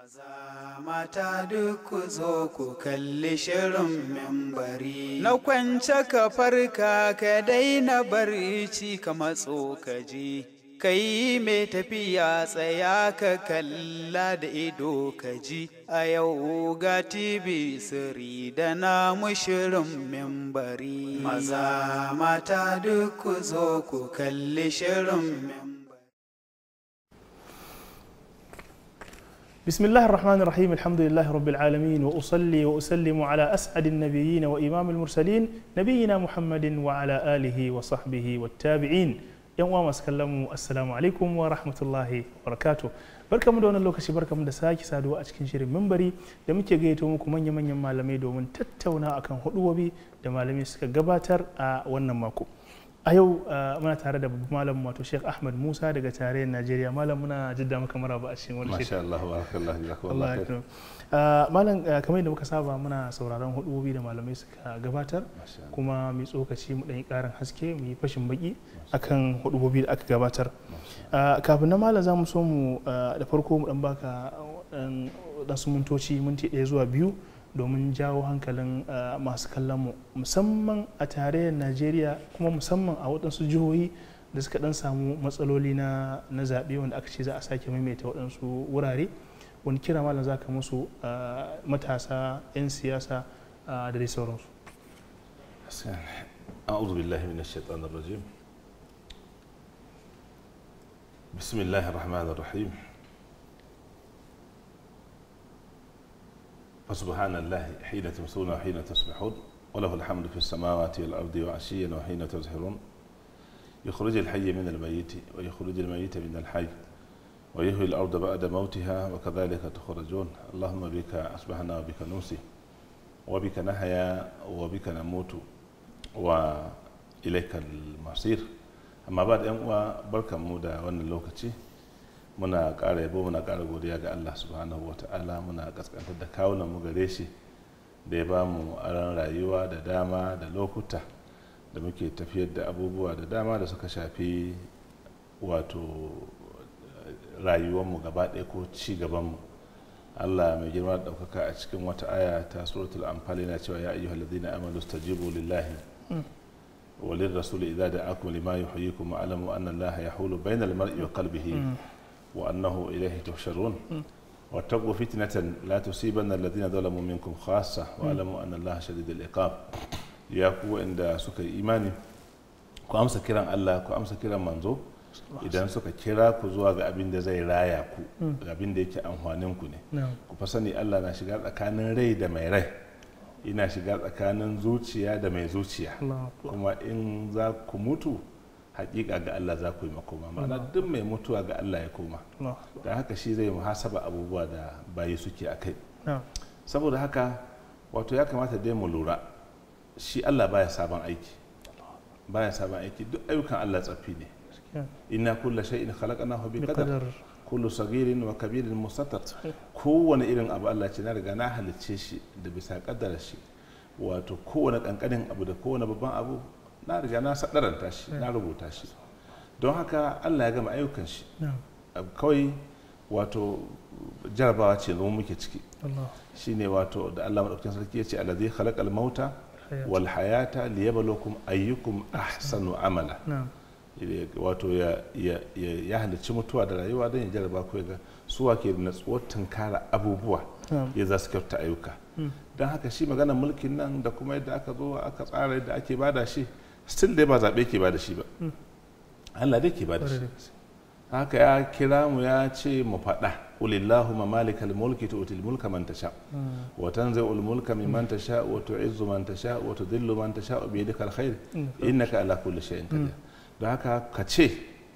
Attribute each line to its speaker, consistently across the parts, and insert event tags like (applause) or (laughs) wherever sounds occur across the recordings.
Speaker 1: Maza mata duk zo ku kalli
Speaker 2: shirin membari. Na kwance ka farka ka daina barci ka matso ka ji. Kai mai tafiya tsaya ka kalla da ido ka ji. A yau ga TV siri da namu shirin membari. Maza mata duk zo ku kalli shirin membari.
Speaker 3: بسم الله الرحمن الرحيم الحمد لله رب العالمين وأصلي وأسلم على أسعد النبيين وإمام المرسلين نبينا محمد وعلى آله وصحبه والتابعين يوم أسكلم السلام عليكم ورحمة الله وبركاته بركم دون الله كشي بركم دساك سادو أشكن شير منبري دمك جيت ومك من يمن يمن مالمي دومن تتونا أكن هدو وبي دمالمي سكا قباتر ونماكو a yau uh, muna tare da babu malam wato Sheikh Ahmad Musa daga tarayyar Najeriya malam muna jidda maka maraba a cikin wani shekara. Allah uh, Malam uh, kamar yadda muka saba muna sauraron hudubi da malamai suka gabatar kuma mai tsokaci mu yi karin haske mu yi fashin baki akan hudubobi da aka gabatar. Kafin na malam za mu so mu da farko mu ɗan baka dan su mintoci minti ɗaya zuwa biyu domin jawo hankalin eh, masu kallon mu musamman a tarayyar najeriya kuma musamman a waɗansu jihohi da suka ɗan samu matsaloli na zaɓe wanda aka ce za a sake maimaita waɗansu wurare wani kira malam za ka musu eh, matasa 'yan siyasa eh, da dai sauransu
Speaker 4: bismillahirrahmanirrahim فسبحان الله حين تمسون وحين تصبحون وله الحمد في السماوات والأرض وعشيا وحين تظهرون يخرج الحي من الميت ويخرج الميت من الحي ويهوي الأرض بعد موتها وكذلك تخرجون اللهم بك أصبحنا وبك نوسي وبك نحيا وبك نموت وإليك المصير أما بعد da 'yan مودا barkan mu muna ƙara yabo muna ƙara godiya ga allah subhanahu wa ta'ala muna ƙasƙantar da kawunan mu gare shi da ya ba mu aran rayuwa da dama da lokuta da muke tafiyar da abubuwa da dama da suka shafi wato eh, rayuwarmu gaba ɗaya ko ci gabanmu allah mai girma da ɗaukaka a cikin wata aya ta suratul amfani yana cewa ya ayyuhal ladina amanu stajibu lillahi wa lirrasuli idza da'akum lima yuhyikum wa alamu anna allaha yahulu bainal mar'i wa qalbihi mm. وأنه إليه تحشرون واتقوا فتنة لا تصيبن الذين ظلموا منكم خاصة واعلموا أن الله شديد العقاب ya ku inda suka yi imani ku amsa kiran Allah ku amsa kiran manzo idan suka kira ku zuwa ga abin da zai raya ku ga abin da yake amfanin ku ne ku fa sani Allah na shiga tsakanin rai da mai rai ina shiga tsakanin zuciya da mai zuciya kuma in za ku mutu hakika ga Allah za ku yi makoma mana duk mai mutuwa ga Allah ya koma da haka shi zai muhasaba abubuwa da bayi suke a kai saboda haka wato ya kamata dai mu lura shi Allah baya sabon aiki baya sabon aiki duk ayyukan Allah tsaffi ne inna kullu shay'in khalaqnahu bi qadar kullu saghirin wa kabirin musattar kowane irin abu Allah ce na riga na halicce shi da bisa kaddara shi wato kowane kankanin abu da kowane babban abu na riga na sadaranta shi na hmm. rubuta shi don haka allah ya gama ayyukan shi kawai wato jarabawa ce zama muke ciki Shi ne wato da allah maɗaukakin sarki ya ce alazi halakal mauta wal hayata liyabalokum ayyukum ahsanu amala wato ya halicci mutuwa da rayuwa don ya jaraba ku ga suwa ke da natsuwar tunkara abubuwa ya za su kyauta ayyuka hmm. don haka shi maganar mulkin nan da kuma yadda aka zo aka tsara yadda ake bada shi still dai ba zaɓe ke ba da shi ba hmm. Allah dai ke ba da shi haka ya kira mu ya ce mu faɗa ulillahu ma malikal mulki tu'til mulka man tasha hmm. wa tanzi'ul mulka man tasha wa tu'izzu man tasha wa tudhillu man tasha bi yadika alkhair hmm. innaka ala kulli shay'in qadir da haka ka ce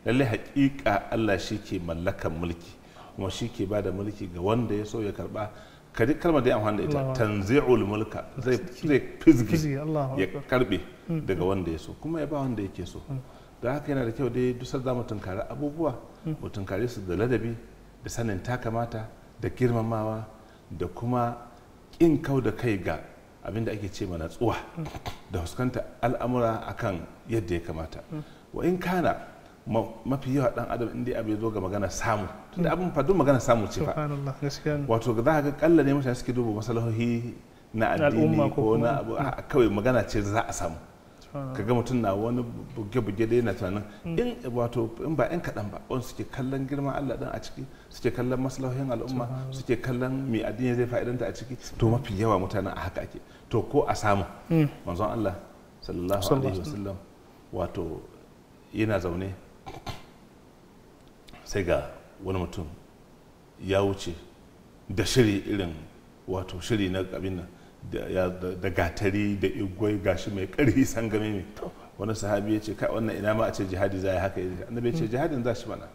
Speaker 4: lalle haƙiƙa Allah shi ke mallakan mulki kuma shi ke ba da mulki ga wanda ya so ya karba ka kalmar da ya amfani da ita tanzi'ul mulka zai fizgi ya karbe hmm. daga wanda ya so kuma ya ba wanda yake so hmm. da haka yana da kyau dai dusar za mu tunkari abubuwa hmm. mu tunkare su da ladabi da sanin ta kamata da girmamawa da kuma ƙin kau da kai ga abinda ake ce mana tsuwa da fuskanta al'amura akan yadda ya kamata wa in kana mafi yawa dan adam inda abu ya zo ga magana samu hmm. tunda abin fa duk magana samu ce fa wato za ga kalla ne mutane suke dubu masalahohi na addini ko na abu kawai magana ce za a samu kaga mutum na wani buge-buge da yana tunanin hmm. in wato in ba yan kaɗan ba wani suke kallon girma Allah ɗin a ciki suke kallon maslahohin al'umma suke kallon mai addini zai fa'idanta a ciki to mafi yawa mutanen a haka ake to ko a samu hmm. manzon Allah sallallahu alaihi wasallam wato yana zaune sai ga wani mutum ya wuce da shiri irin wato shiri na abin nan da gatari da igwai gashi mai ƙarfi sangame mai wani sahabi ya ce kai wannan ina ma a ce jihadi za a yi haka ya ce annabi ya ce jihadin za shi mana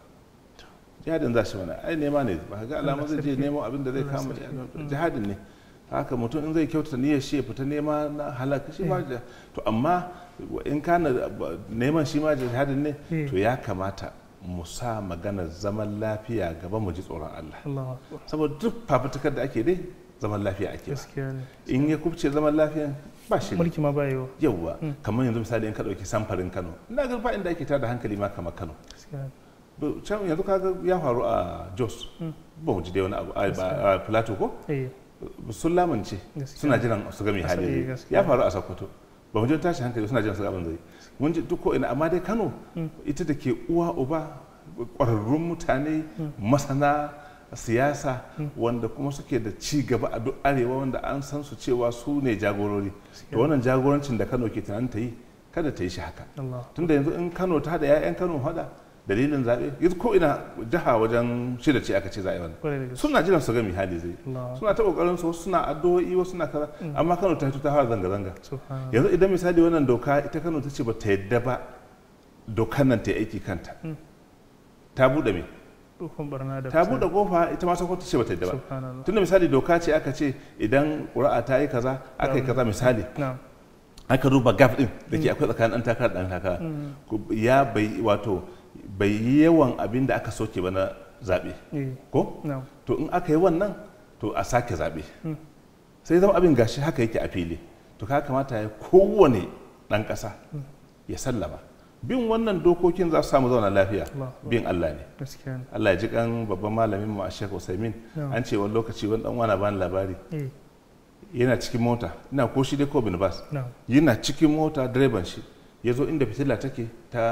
Speaker 4: jihadin za shi mana ai nema ne ba ga alamun zai je nemo abin da zai kama mm. jihadin ne haka mutum in zai kyautata niyyar shi ya fita nema na halaka shi ba mm. to amma in kana neman shi ma jihadin ne mm. to ya kamata mu sa maganar zaman lafiya gaba mu ji tsoron
Speaker 3: Allah
Speaker 4: saboda duk fafutukar da ake dai zaman lafiya ake in ya kubce zaman lafiya ba shi mulki ma bayewa yawa hmm. kamar yanzu misali in ka dauki samfarin Kano Na ga ba inda ake tada hankali ma kamar Kano can yanzu kaga ya faru a Jos hmm. ba mu ji dai wani abu a Plateau ko eh. sun lamunce suna jiran su ga mai hali ya faru a Sokoto ba mu ji tashi hankali suna jiran su ga abin zai mun ji duk ina amma dai kano mm. ita da ke uwa uba ƙwararrun mutane mm. masana siyasa mm. wanda kuma suke da ci gaba a duk arewa wanda an san su cewa su ne jagorori da wannan jagorancin da kano ke tunanin ta yi kada ta yi shi haka tunda yanzu in kano ta hada 'ya'yan kano hada dalilin zaɓe yanzu ko ina jiha wajen shida ce aka ce zaɓe wani suna jiran su ga mi hali zai suna ta ƙoƙarin su suna addu'o'i wasu suna kaza mm. amma Kano ta fito ta fara zanga zanga yanzu idan misali wannan doka ita Kano ta ce ba ta yadda ba dokan nan ta aiki kanta mm. ta buɗe me ta buɗe kofa ita ma ta ce bata yadda ba tunda misali doka ce aka ce idan ƙura'a ta yi kaza aka yi kaza misali aka duba gaf ɗin da ke mm. akwai tsakanin ɗan takara ɗan takara ya bai wato bai yi yawan abin da aka soke ba na zaɓe eh, ko to in aka yi wannan to a sake zaɓe hmm. sai zama abin gashi haka yake a fili to ka kamata ya kowane ɗan ƙasa hmm. ya sallama bin wannan dokokin za su samu zauna lafiya bin Allah ne Allah ya ji kan babban malamin mu a Sheikh Usaimin an ce wani lokaci wani dan wani bani labari eh. yana cikin mota ina ko shi dai ko bin bas yana cikin mota direban shi ya zo inda fitila take ta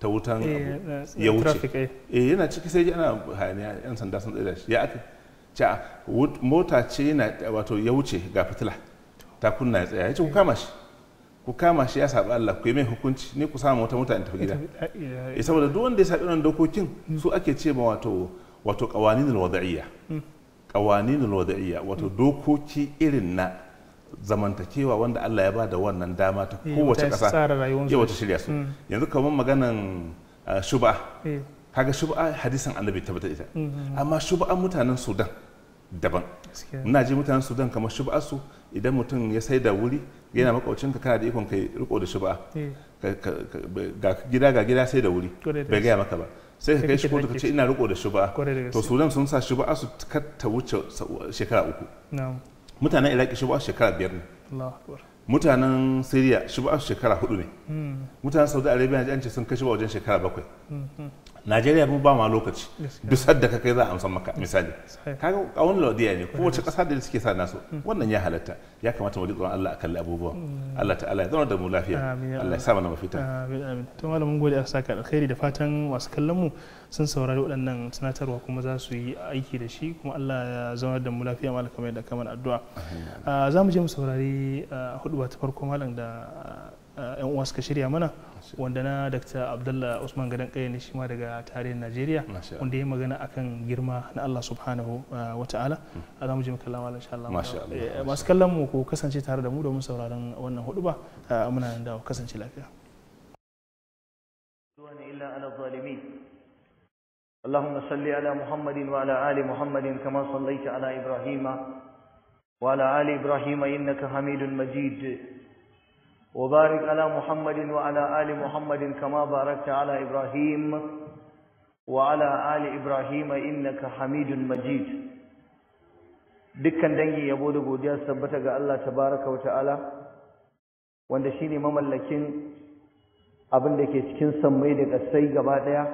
Speaker 4: ta wutan eh, eh, eh, ya wuce yana ciki sai ana hayaniya yan sanda sun tsira shi ya aka ce ah, mota ce yana wato ya wuce ga fitila ta kunna ya tsaya ya ce ku kama shi ku kama shi ya saba Allah ku yi mai hukunci ni ku samu wata mota in tafi gida eh saboda duk wanda ya sabi wannan dokokin su ake ce ma wato wato qawaninul wada'iyya qawaninul hmm. wada'iyya wato dokoki irin na zamantakewa wanda Allah ya ba da wannan dama ta eh, kowace ƙasa ya wata shirya su mm. yanzu kamar maganan ah, shuba eh. kaga shuba hadisan annabi tabbatar ita mm, mm, amma shuba mutanen sudan daban ina ji mutanen sudan kamar shuba su idan mutum ya sai da wuri yana makaucin ka kana da ikon kai riko da shuba eh. ga gida ga gida sai da wuri bai gaya maka ba sai ka kai shi kotu ka ce ina riko da shuba to sudan sun sa shuba su ta wuce shekara uku mutanen iraki shi ba shekara biyar ne mutanen syria shi ba shekara hudu ne hmm. mutanen saudi arabia an ce sun kashe ba wajen shekara bakwai hmm, hmm. najeriya mu ba ma lokaci bisa da kai za a amsa maka misali kaga a wani lodiya ne wace kasa (laughs) da suke sa nasu wannan ya halatta ya kamata mu ji tsoron Allah akan abubuwa mm. Allah ta'ala ya zama da mu lafiya Allah ya sa mana mafita
Speaker 3: amin amin to malamin gode a saka alkhairi da fatan masu kallon mu sun saurari waɗannan sanatarwa kuma za su yi aiki da shi kuma Allah ya zama da mu lafiya malam kamar da kamar addu'a ah, za mu je mu saurari ah, hudu ta farko malam da yan ah, uwa suka shirya mana wanda na dr abdullah usman gadon kaya ne shi ma daga tarihin najeriya wanda ya magana akan girma na allah subhanahu uh, wa ta'ala hmm. za mu je makalla malam insha allah eh, masu kallon mu ku kasance tare da mu domin sauraron wannan huduba uh, muna nan da kasance lafiya
Speaker 1: اللهم صل على محمد وعلى آل محمد كما صليت على إبراهيم وعلى آل إبراهيم إنك حميد مجيد وبارك على محمد وعلى آل محمد كما باركت على إبراهيم وعلى آل إبراهيم إنك حميد مجيد dukkan dangi yabo da godiya tabbata ga Allah baraka wa ta'ala wanda shine mamallakin abin da ke cikin sammai da ƙasai gaba ɗaya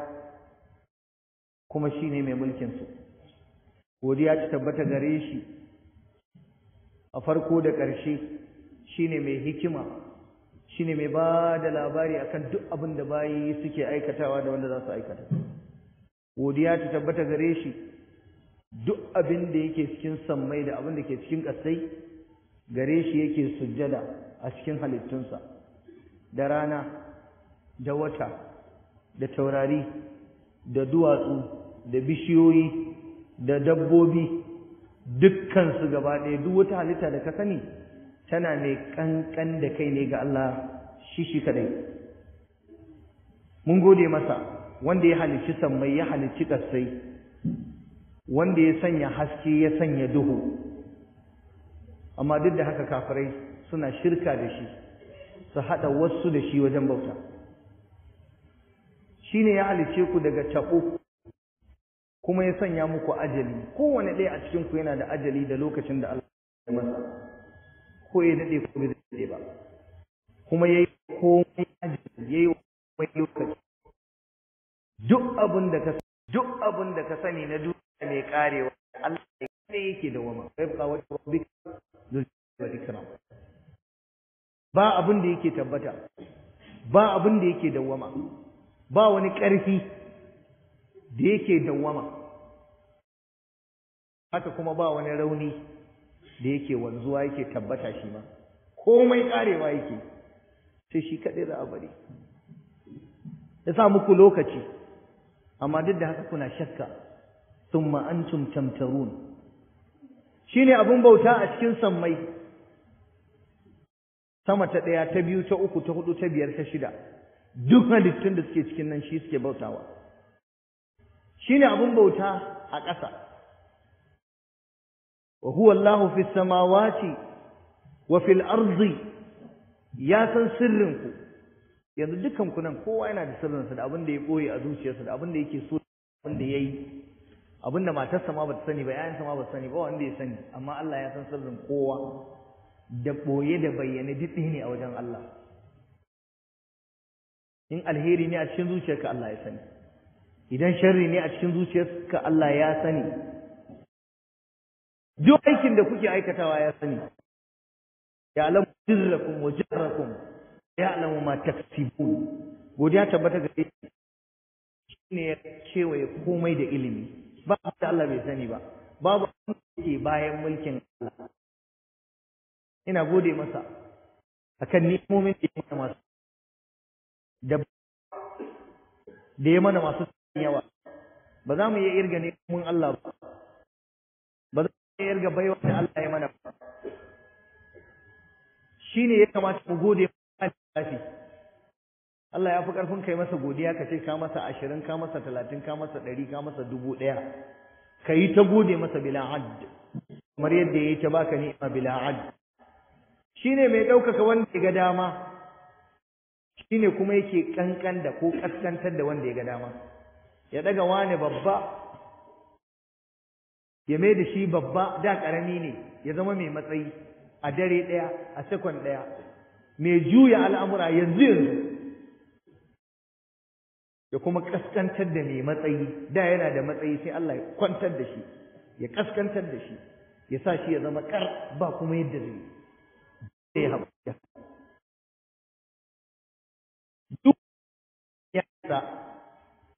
Speaker 1: kuma ne mai mulkinsu. godiya ta tabbata gare shi a farko da ƙarshe shine mai hikima ne mai ba da labari akan duk abin da bayi suke aikatawa da wanda za su aikata godiya ta tabbata gare shi duk abin da yake cikin sammai da abin da ke cikin ƙasai gare shi yake sujjada a cikin halittunsa da rana da wata da taurari da duwatsu da bishiyoyi da dabbobi dukkan su gaba ɗaya duk wata halitta da ka sani tana mai kankan da kai ne ga Allah shi shi kadai mun gode masa wanda ya halicci sammai ya halicci kasai wanda ya sanya haske ya sanya duhu amma duk da haka kafirai suna shirka da shi su haɗa wasu da shi wajen bauta shi ne ya halicce ku daga caɓo kuma ya sanya muku ajali kowane ɗaya a cikinku yana da ajali da lokacin da Allah ya masa ko ya daɗe ko bai daɗe ba kuma ya yi komai ajin ya yi komai lokaci duk abin da ka duk abin da ka sani na duniya mai karewa Allah ne ne yake da wama kai ba wata rabbika zuwa dikra ba abin da yake tabbata ba abin da yake dawama, ba wani ƙarfi da yake dawama, haka kuma ba wani rauni da yake wanzuwa yake tabbata shi ma komai karewa yake sai shi kaɗai za a bari ya sa muku lokaci amma duk da haka kuna shakka thumma antum tamtarun shine abun bauta a cikin sammai sama ta ɗaya ta biyu ta uku ta hudu ta biyar ta shida duk halittun da suke cikin nan shi suke bautawa shine abin bauta a ƙasa وهو الله في السماوات وفي الأرض ya san sirrinku yanzu ku nan kowa yana da sirrinsa da abin da ya koyi a zuciyarsa da abin da yake so abin da ya yi abin da matarsa ma bata sani ba yayansa ma bata sani ba wanda ya sani amma Allah ya san sirrin kowa da boye da bayyane duk ne a wajen Allah in alheri ne a cikin zuciyarka Allah ya sani idan sharri ne a cikin zuciyarka Allah ya sani duk aikin da kuke aikatawa ya sani ya alamu sirrakum wa jarrakum ya alamu ma taksibun godiya tabbata gare shi ne ya kewaye komai da ilimi ba da Allah bai sani ba babu abin da ke bayan mulkin Allah ina gode masa akan ni'imomin da ya mana masu da da ya mana masu yawa ba za mu iya irga ni'imomin Allah ba ba za ya ga baiwa da Allah ya mana shi ne ya kamata mu gode littafi Allah ya fi ƙarfin kai masa godiya ka ce ka masa ashirin ka masa talatin ka masa ɗari ka masa dubu ɗaya ka yi ta gode masa bila kamar yadda ya yi ta baka ni'ima bila add shi ne mai ɗaukaka wanda ya ga dama shi ne kuma yake ƙanƙan da ko ƙaskantar da wanda ya ga dama ya ɗaga wani babba ya mai da shi babba da ƙarami ne ya zama mai matsayi a dare ɗaya a sekon ɗaya mai juya al'amura yanzu yanzu ya kuma ƙaskantar da mai matsayi da yana da matsayi sai Allah ya kwantar da shi ya ƙaskantar da shi ya sa shi ya zama ƙar ba kuma yadda zai ya haɓaka duk ya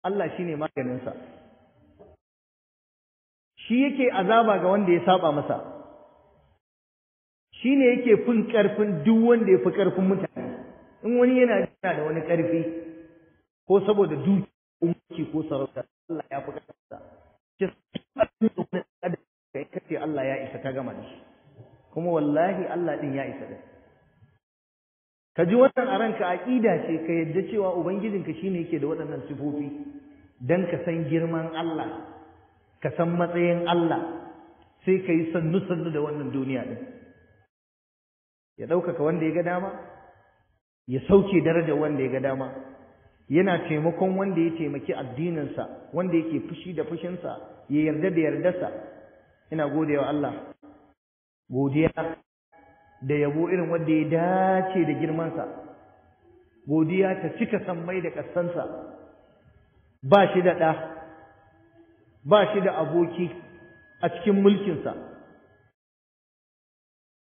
Speaker 1: Allah shine maganinsa shi yake azaba ga wanda ya saba masa shi ne yake fin ƙarfin duk wanda ya fi ƙarfin mutane in wani yana da wani ƙarfi ko saboda duki umarci ko sarauta Allah ya fi ƙarfinsa da wani da kai kace Allah ya isa ka gama shi kuma wallahi Allah ɗin ya isa da ka ji wannan a ranka aƙida ce ka yadda cewa ubangijinka ne yake da waɗannan sifofi dan ka san girman Allah ka san matsayin Allah sai ka yi sannu sannu da wannan duniya ɗin ya ɗaukaka wanda ya ga dama ya sauke daraja wanda ya ga dama yana taimakon wanda ya taimaki addininsa wanda yake fushi da fushinsa ya yarda da yardarsa ina wa Allah godiya da yabo irin wanda ya dace da girmansa godiya ta cika mai da ƙasansa, ba shi da ɗa ba shi da aboki a cikin mulkinsa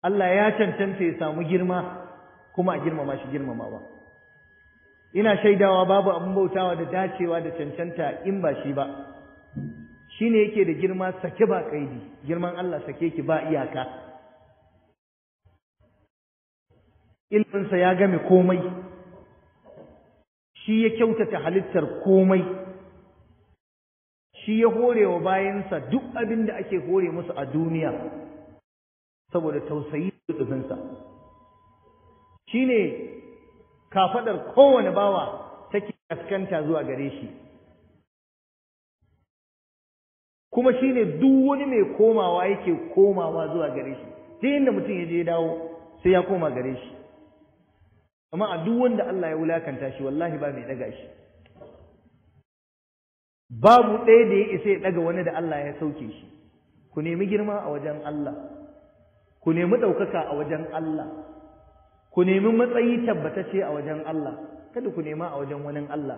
Speaker 1: Allah ya cancanta ya samu girma kuma a girmama shi girmamawa ina shaidawa babu abin bautawa da dacewa da cancanta in ba shi ba Shi ne yake da girma sake ba kaidi girman Allah sake ki ba iyaka ilminsa ya game komai shi ya kyautata halittar komai shi ya hore wa bayansa duk abin da ake hore musu a duniya saboda tausayi da tsufinsa shi ne kafaɗar kowane bawa take kaskanta zuwa gare shi kuma shi ne duk wani mai komawa yake komawa zuwa gare shi duk yadda mutum ya je dawo sai ya koma gare shi amma a duk wanda Allah ya wulakanta shi wallahi ba mai daga shi babu ɗaya da ya isa ya ɗaga wani da Allah ya sauke shi ku nemi girma a wajen Allah ku nemi ɗaukaka a wajen Allah ku nemi matsayi tabbatacce a wajen Allah kada ku nema a wajen wani Allah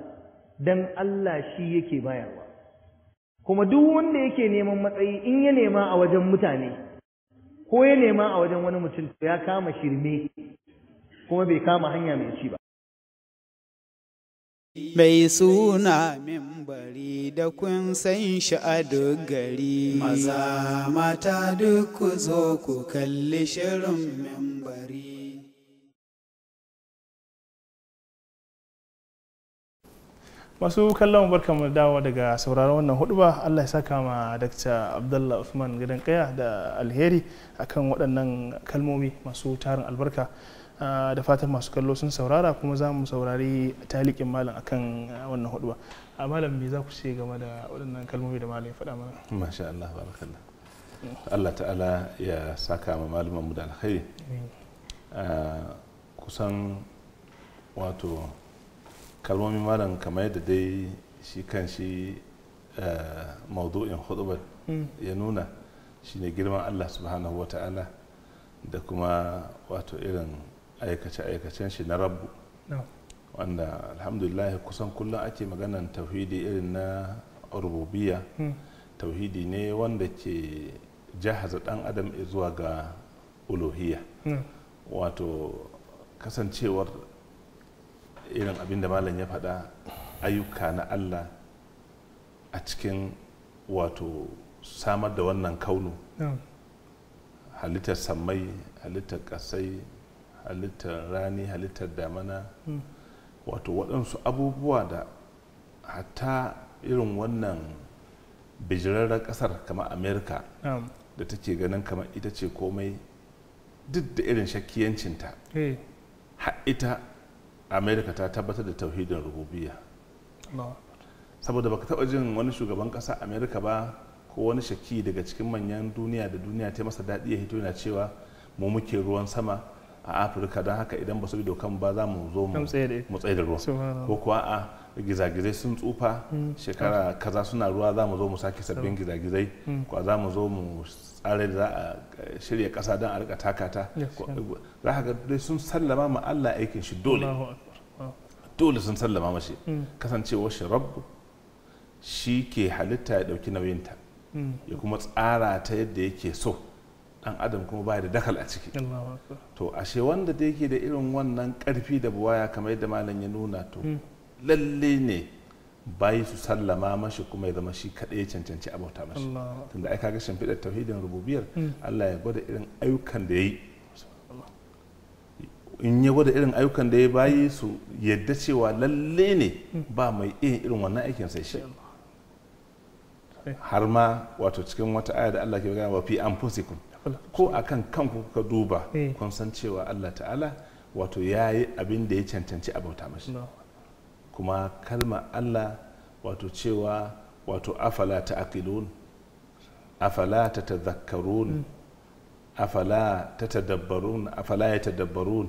Speaker 1: dan Allah shi yake bayarwa kuma duk wanda yake neman matsayi in ya nema a wajen mutane ko ya nema a wajen wani mutum to ya kama shirme kuma bai kama hanya mai ci ba
Speaker 2: Mai suna mimbari da kun san shi a duk
Speaker 1: Maza mata duk ku zo ku kalli shirin
Speaker 5: mimbari.
Speaker 3: Masu kallon barka mu dawo daga sauraron wannan huduba Allah ya saka ma Dr. Abdullah Usman gidan kaya da alheri akan waɗannan kalmomi masu tarin albarka. Ah, da fatan masu kallo sun saurara kuma za mu saurari talikin malam akan ah, wannan hudu a ah, malam me za ku ce game da waɗannan kalmomi da malam ya faɗa mana
Speaker 4: masha Allah barakallah Allah ta'ala ya saka ma malaman mu da alkhairi kusan wato kalmomi malam kamar yadda dai shi kan shi maudu'in hudubar hmm. ya nuna shine girman Allah subhanahu wa ta'ala da kuma wato irin aikace-aikacen shi na rabu wanda alhamdulillah kusan kullum ake maganan tauhidi irin na rububiya hmm. tauhidi ne wanda ke jahaza dan adam zuwa ga uluhiya hmm. wato kasancewar irin abinda malam ya faɗa ayyuka na allah a cikin wato samar da wannan kaunu halittar sammai halittar kasai. halittar rani halittar damana hmm. wato waɗansu abubuwa da hatta irin wannan bijirarren ƙasar kamar amerika da take ganin kamar ita ce komai duk da irin shakkiyancinta eh. ha ita amerika ta tabbatar da tauhidin rububiya saboda baka taba jin wani shugaban ƙasa amerika ba ko wani shakki daga cikin manyan duniya da duniya ta masa daɗi ya hito yana cewa mu muke ruwan sama a afirka don haka idan ba su bi dokan ba za mu zo mu tsaye da ruwa ko kuwa a gizagizai sun tsufa mm. shekara kaza suna ruwa za mu zo mu sake sabbin gizagizai mm. ko za mu zo mu tsare da za a shirya kasa don a rika takata za ka dai sun sallama ma Allah aikin shi dole dole sun sallama mashi mm. kasancewar shi rabu shi ke halitta ya dauki nauyinta ya kuma tsara ta yadda yake so dan adam kuma baya da dakal a ciki to ashe wanda da yake da irin wannan karfi da buwaya kamar yadda malam ya nuna to hmm. lalle ne bayi su sallama mashi kuma ya zama shi kaɗai ya cancanci abauta mashi tunda ai kaga shimfiɗar tauhidin rububiyar hmm. Allah ya gwada irin ayyukan da ya in ya gwada irin ayyukan da ya bayi su yadda cewa lalle ne hmm. ba mai iya irin wannan aikin sai shi har ma wato cikin wata aya da Allah ke gana wa fi anfusikum ko a kan kanku ka duba eh. kun san cewa allah ta'ala wato ya yi abin da ya cancanci a bauta mashi kuma kalma allah wato cewa wato afala ta aqilun afala ta tazakkarun hmm. afala ta tadabbarun afala ya tadabbarun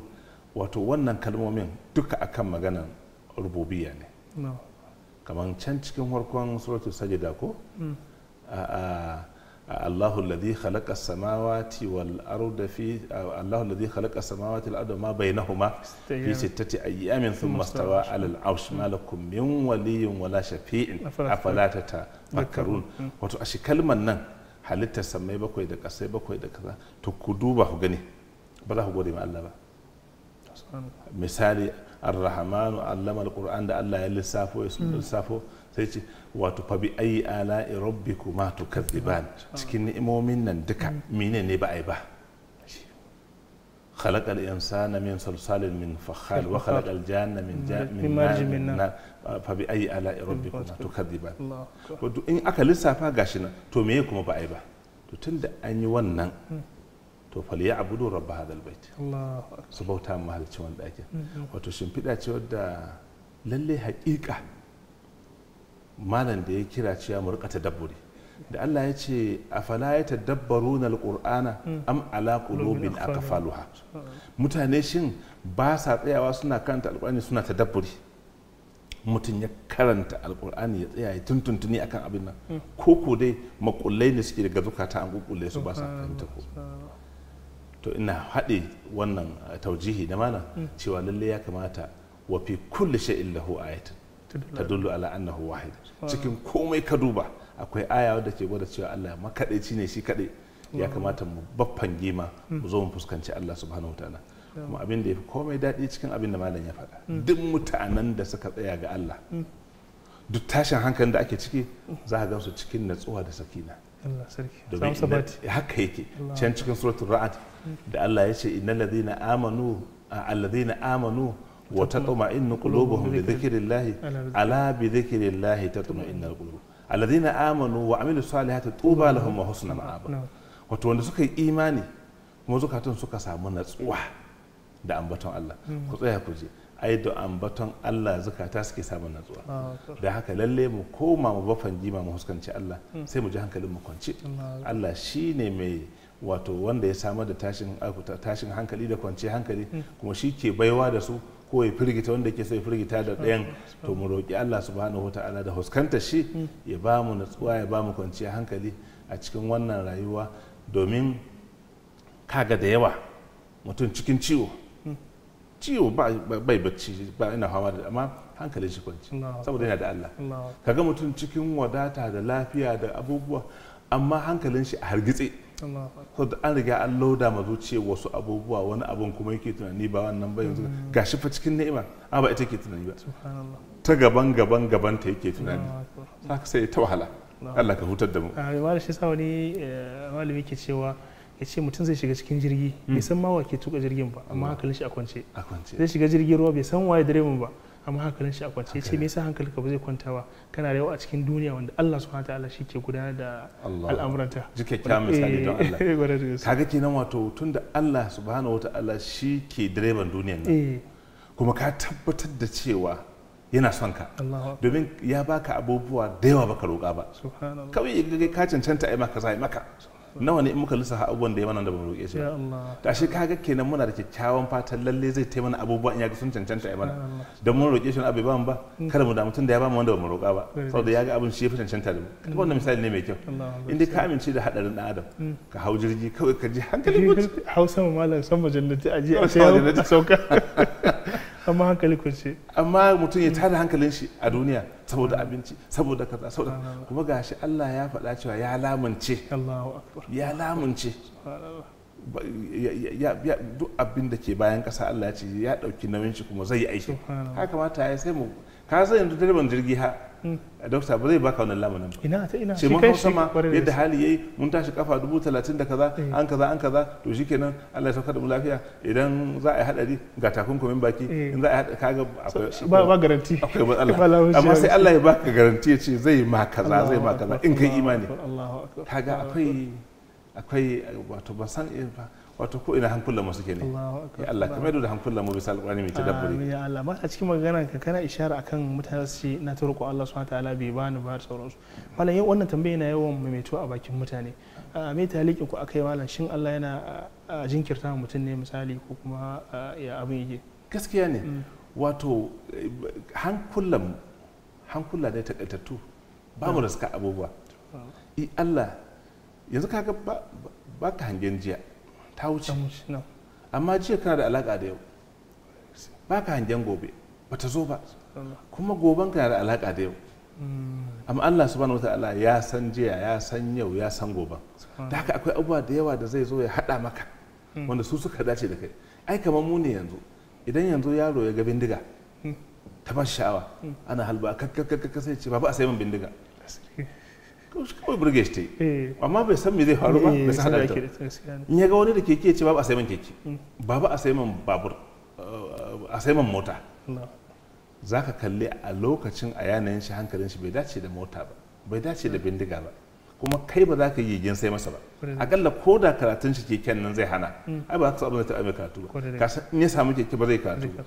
Speaker 4: wato wannan kalmomin duka akan maganan rububiya ne kamar can cikin farkon suratul sajida ko hmm. a Allahu alladhi khalaqa as-samawati wal arda fi Allahu alladhi khalaqa as-samawati wal arda ma bainahuma fi sittati ayyamin thumma istawa 'ala al-'arsh ma lakum min waliyyin wala shafi'in hmm. wato a shi kalman nan halittar samai bakwai da kasai bakwai da kaza to ku ku gani ba za ku gode ma Allah ba ar-rahmanu al da Allah ya lissafo ya hmm. lissafo sai ce wato fa bi ayi ala rabbikuma tukazziban cikin ni'imomin nan duka mine ne ba ai ba خلق الإنسان من صلصال من فخال وخلق الجنة من جاء من ماء من نار فبأي آلاء ربكما تكذبان wato in aka lissafa gashi nan to meye kuma ba ai ba to tunda an yi wannan to fal ya abudu rabba hadal bait su bauta mahalicci wanda dakin. wato shin shimfiɗa ce wadda lalle haƙiƙa malam da ya kira cewa mu rika tadabburi da Allah ya ce afala ya na alƙur'ana am ala qulubin aqfaluha mutane shin ba sa tsayawa suna karanta alƙur'ani suna tadabburi mutum ya karanta alƙur'ani ya tsaya ya tuntuntuni akan abin nan hmm. ko ko dai makullai ne suke daga zukata an kukulle su ba sa fahimta ko to ina haɗe wannan taujihi da malam hmm. cewa lallai ya kamata wa fi kulli shay'in lahu ayatun tadullu ala annahu wahid cikin komai ka duba akwai aya wadda ke gwada cewa Allah makadaici ne shi kade. ya kamata mu baffan gima. Hmm. mu zo mu fuskanci Allah subhanahu wataala kuma abin da ya fi komai daɗi cikin abin da malam ya faɗa hmm. duk mutanen da suka tsaya ga Allah hmm. duk tashin hankalin da ake ciki za a gansu cikin natsuwa da sakina
Speaker 5: domin haka
Speaker 4: yake can cikin suratul ra'ad da Allah ya ce innal ladina amanu alladhina amanu wa tatma'innu qulubuhum bi dhikrillahi ala bi dhikrillahi tatma'innul qulub alladhina amanu wa sali salihati tuba lahum wa na ma'aba wato wanda suka yi imani kuma zukatan suka samu natsuwa da ambaton Allah ku tsaya ku je ai da ambaton Allah zukata suke samun natsuwa da haka lalle mu koma mu bafan jima mu huskanci Allah sai mu ji hankalin mu kwance Allah shine mai wato wanda ya samar da tashin hankali da kwance hankali kuma shi ke baiwa da su ko ya firgita wanda ke sai firgita da ɗayan to mu roƙi Allah subhanahu ta'ala da huskantar shi mm. ya ba mu natsuwa ya ba mu kwanciyar hankali a cikin wannan rayuwa domin kaga da yawa mutum cikin ciwo mm. ciwo bai bacci ba ina hawa da amma hankali shi kwanci saboda yana da Allah kaga mutum cikin wadata da lafiya da abubuwa amma hankalin shi a hargitse
Speaker 5: so
Speaker 4: da an riga an lauda ma zuciya wasu abubuwa wani abun kuma yake tunani ba wannan ba yanzu mm. gashi fa cikin ni'ima amma ba ita ke tunani ba ta gaban gaban gaban ta yake tunani haka sai ta wahala Allah ka hutar da mu
Speaker 3: a ah, riwayar shi sa wani eh, malami ke cewa ya ce mutum zai shiga cikin jirgi bai mm. san ma wa ke tuka jirgin ba amma hankalin shi a kwance zai shiga jirgin ruwa bai san waye direban ba amma hankalin shi a kwance ce me yasa hankali ka ba zai kwanta ba kana rayuwa a cikin duniya wanda Allah subhanahu wataala shi ke gudanar da al'amuranta ji kya misali don Allah (laughs) kaga
Speaker 4: kenan wato tunda Allah subhanahu wataala shi ke direban duniyan nan eh. kuma ka tabbatar da cewa yana son ka domin ya baka abubuwa da yawa baka roƙa ba kawai ka cancanta a yi maka za a yi maka nawa ne in muka lissafa abubuwan da ya mana da ba roƙe shi ta shi kaga kenan muna da kyakkyawan fatan lalle zai taimana abubuwan in ya ga sun cancanta ya mana don mun roƙe shi abu ba mu ba mm. kada mu damu tun da ya ba mu wanda ba mu roƙa ba saboda ya ga abin shi ya fi cancanta da mu kaga wannan misali ne mai kyau
Speaker 5: inda ka amince
Speaker 4: da hadarin dan adam mm. ka hau jirgi kawai ka ji hankali ku (laughs) hausa mu malam san majallati aje a sai (laughs) sauka (laughs) amma hankali kun ce amma mutum ya tada hankalin shi a duniya saboda abinci saboda kaza saboda kuma gashi Allah ya faɗa cewa ya lamunce ya lamunce duk abin da ke bayan ƙasa Allah ya ce ya ɗauki nauyin shi kuma zai yi aiki haka mata ya sai mu ka san yanzu direban jirgi ha a dokta ba zai baka wannan lamunin ba
Speaker 3: ina ta ina shi mun sama yadda hali
Speaker 4: yayi mun tashi kafa dubu talatin da kaza eh. an kaza an kaza to kenan Allah ya sauka da mu lafiya idan za a yi hadari ga takunkumin baki eh. in za a yi kaga ba ba garanti akwai matsala amma sai Allah ya baka garanti ya ce zai ma kaza zai ma kaza in kai imani kaga akwai akwai wato eh, ba san ba wato ko ina hankulan mu suke ne ya Allah ka maido da hankulan mu bisa alƙur'ani mai tadabburi
Speaker 3: ya Allah ba a cikin maganar ka kana ishara akan mutane su ce na turko Allah subhanahu ta'ala bai bani ba sauransu malam yau wannan tambayi na yawan maimaito a bakin mutane me ko ku akai malam shin Allah yana jinkirta mutum ne misali ko
Speaker 4: kuma ya abin yake gaskiya ne mm. wato hankulan hankula ta takaitattu ba mu mm. da suka abubuwa i Allah yanzu kaga ba ka hangen jiya ta wuce amma jiya kana da alaka da yau ba hangen gobe ba ta zo ba kuma goben kana da alaka da yau
Speaker 5: hmm.
Speaker 4: amma Allah subhanahu wa ya san jiya ya san yau ya san goben da haka akwai abubuwa da yawa da zai zo ya hada maka hmm. wanda su suka dace da kai ai kamar mu ne yanzu idan yanzu yaro ya ga bindiga hmm. ta ba sha'awa ana halba kakkakkakka sai ce ba ba a sai min bindiga shi kawai burge shi ta yi amma bai san me zai faru ba bai san haɗa in ya ga wani da keke ce hmm. babu a saiman keke babu a saiman babur eh, a saiman mota za ka kalli a lokacin a yanayin shi hankalin shi bai dace da mota ba bai dace da bindiga ba kuma kai ba za ka yi yin sai masa ba akalla ko da karatun shi keken nan zai hana hmm. ai ba za ka samu zai taɓa mai karatu ba ka san in ya samu keke ba zai karatu ba.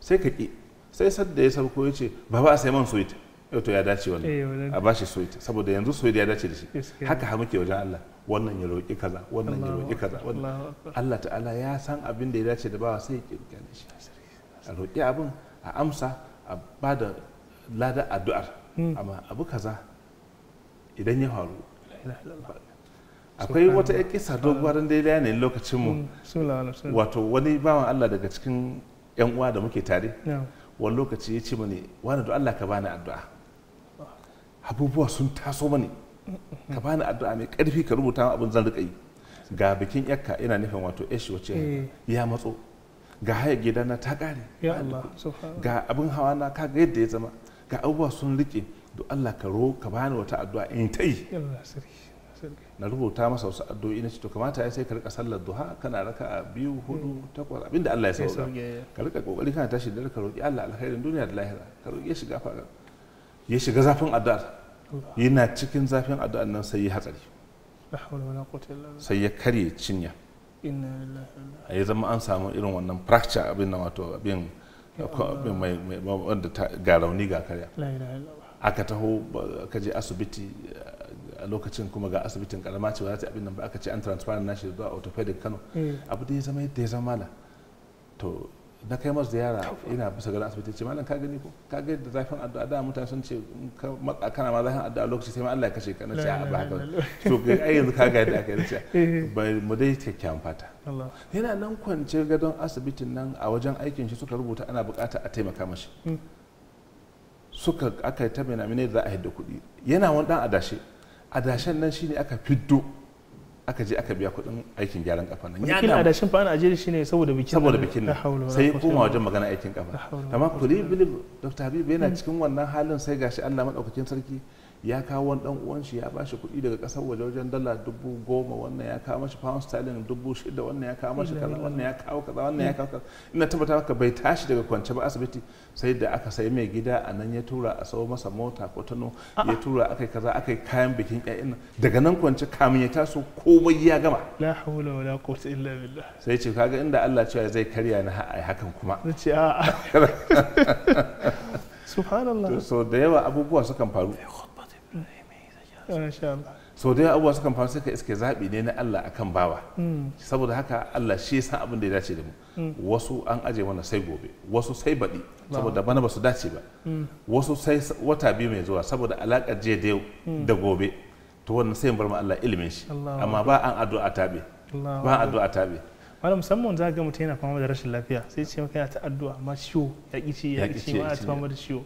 Speaker 4: sai ka ki sai sadda ya sauko ya ce baba a sai man suwita to ya dace wannan eh, a bashi soyayya saboda yanzu soyayya ya dace da shi haka ha muke wajen Allah wannan ya roki kaza wannan ya roki kaza Allah ta'ala ya san abin da ya dace da bawa sai ya kirkira shi a roki abin a amsa a ba da lada addu'ar hmm. amma abu kaza idan ya faru akwai wata ya kisa doguwar da ya ne lokacin mu
Speaker 3: hmm. wato
Speaker 4: wani bawan Allah daga cikin yan uwa da muke tare wani lokaci ya ce mani wani da Allah ka bani addu'a abubuwa sun taso mani ka bani addu'a mai karfi ka rubuta abin zan rika yi ga bikin yakka ina nufin wato yashi wace eh. ya matso ga haya gidana ta kare ga abin hawa na kaga yadda ya zama ga abubuwa sun rike don Allah ka ro ka bani wata addu'a in ta yi na rubuta masa wasu addu'o'i na ce to kamata ya sai ka rika sallar duha kana raka a biyu hudu hmm. takwas abinda Allah ya sauka ka rika kokari kana tashi da ka roki Allah alkhairin duniya da lahira ka roki ya shiga fara ya shiga zafin addu'a yana cikin zafin addu'an nan sai ya hatsari sai ya karye cinya a yi zama an samu irin wannan fracture abin na wato abin mai wanda ga rauni ga karya aka taho aka je asibiti a lokacin kuma ga asibitin karama ce za ta abin nan ba aka ce an transparent nashi zuwa orthopedic kano eh. abu da ya zama yadda ya zama mala to na kai masu ziyara ina bisa gara asibiti ce malam ka gani ko ka ga da zafin addu'a da mutane sun ce maka kana ma zafin addu'a lokaci sai ma Allah ya kashe ka na ce a ba haka to ga ai yanzu ka ga da aka ce (laughs) bai mu dai kyakkyawan fata yana nan kwance gadon asibitin nan a wajen aikin shi suka rubuta ana bukata a taimaka mashi hmm. suka aka yi ta mai za a yadda kuɗi yana wani dan adashe adashen nan shine aka fiddo aka je aka biya kuɗin aikin gyaran kafa nan ya kila adashin
Speaker 3: fa ana ajiyar shi ne saboda bikin saboda bikin nan sai koma wajen magana aikin kafa amma kuli
Speaker 4: bilib dr habibu yana hmm. cikin wannan halin sai gashi Allah madaukakin sarki ya kawo wani dan uwan shi ya bashi kuɗi daga ƙasar waje wajen dala dubu goma wannan ya kawo mashi pound sterling dubu shida wannan ya kawo mashi kaza wannan ya kawo kaza wannan ya kawo kaza ina tabbata maka bai tashi daga kwance ba asibiti sai da aka sai mai gida a nan ya tura a sau masa mota ko tano ya tura akai kaza akai kayan bikin ƴaƴan nan. daga nan kwance kamin ya taso komai ya gama
Speaker 3: la hawla wala quwwata illa billah
Speaker 4: sai ce kaga inda Allah cewa zai karya ni hakan kuma
Speaker 3: nace a'a
Speaker 4: (laughs) subhanallah so da yawa abubuwa sukan faru sau da abubuwa sukan faru suka iske zaɓi ne na Allah akan bawa mm. saboda haka Allah shi ya san abin da ya dace da mu mm. wasu an aje mana sai gobe wasu sai baɗi saboda bana ba su dace ba mm. wasu sai wata biyu mai zuwa saboda alaƙar je da yau da gobe to wannan sai bar ma Allah ilimin shi amma ba an addu'a tabe ba an addu'a tabe
Speaker 3: wani musamman za ga mutum yana fama da rashin lafiya sai ce maka ya ta addu'a ma ciwo ya kici ya kici ma ta fama da ciwo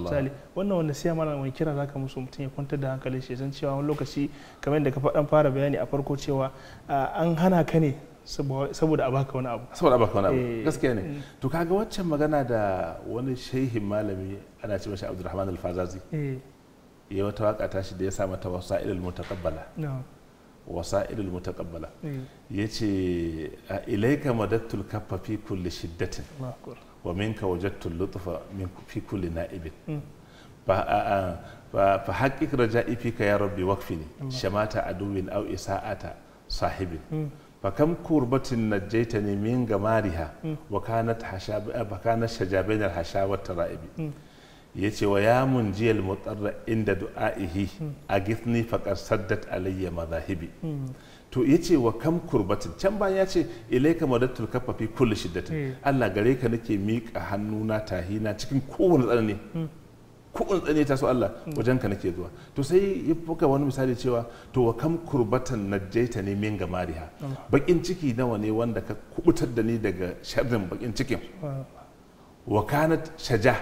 Speaker 3: misali wannan wanda sai mana wani kira zaka musu mutum ya kwantar da hankalin shi san cewa wani lokaci kamar yadda ka faɗan fara bayani a farko cewa an hana ka ne saboda a baka wani abu
Speaker 4: saboda a baka wani abu eh. gaskiya ne mm. to kaga waccan magana da wani shehin malami ana ce masa Abdulrahman Al-Fazazi eh. ya wata waka tashi da ya sa mata wasa'ilul mutaqabbala وسائل المتقبله إيه. يتي اليك مددت الكف في كل شده ومنك وجدت اللطف في كل نائب إيه. فحقك رجائي فيك يا ربي وقفني شمات عدو او اساءه صاحب إيه. فكم كربة نجيتني من غمارها وكانت حشاب فكانت شجابين الحشاوة الترائب ya ce wa ya mun jiyal mutarra inda du'a'ihi a gifni faƙar saddat alayya mazahibi to ya ce wa kam kurbatin can bayan ya ce ilaika madatul kafafi kulli shiddatin eh. Allah gare ka nake miƙa hannuna tahina cikin kowane tsanani hmm. kowane tsanani ta so Allah hmm. wajen ka nake zuwa to sai ya buga wani misali cewa to wa kam kurbatan najjaita ne min gamariha hmm. baƙin ciki nawa ne wanda ka kubutar da ni daga sharrin bakin cikin wa kanat shaja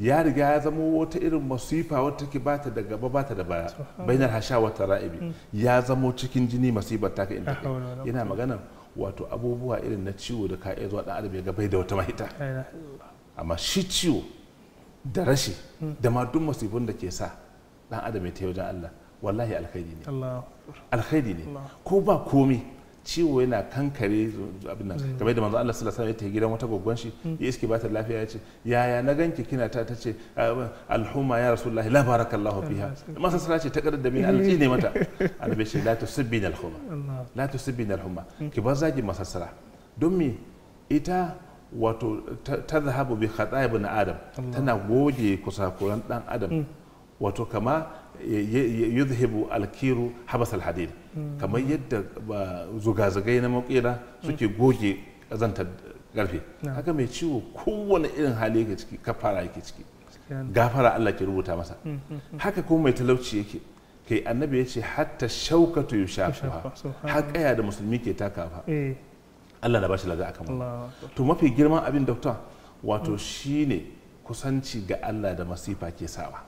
Speaker 4: ya riga ya zama wata irin masifa wata take bata da gaba bata da baya bainar hasha wata ra'ibi hmm. ya zamo cikin jini masifar taka in take yana magana wato abubuwa irin na ciwo da ka iya zuwa da adam da wata mahita amma shi ciwo da rashi hmm. da ma duk masifun da ke sa dan adam ya ta wajen Allah wallahi alkhairi ne alkhairi ne ko ba komi ciwo yana kankare abin nan mm. kamar da manzo Allah sallallahu alaihi wasallam ya gidan wata goggon shi mm. ya iske ba ta lafiya ya ce yaya na ganki kina ta tace ah, alhuma ya rasulullahi la barakallahu mm. fiha ce ta kadar da min alji ne mata annabi shi la tusbina alhuma la tusbina alhuma ki ba zagi ki sala don me ita wato ta zahabu bi khata'i ibn adam tana goge kusakuran dan adam wato kama yuzhibu alkiru habas alhadid kamar yadda zuga-zugai na makera suke goge ƙazantar karfe haka mai ciwo kowane irin hali yake ciki kafara yake ciki gafara Allah ke rubuta masa mm, mm, mm. haka kuma mai talauci yake kai annabi ya ce hatta shaukatu yushafuha har kaya da musulmi ke takawa eh. Allah na bashi laga akan to mafi girman abin dokta wato shine kusanci ga Allah da masifa ke sawa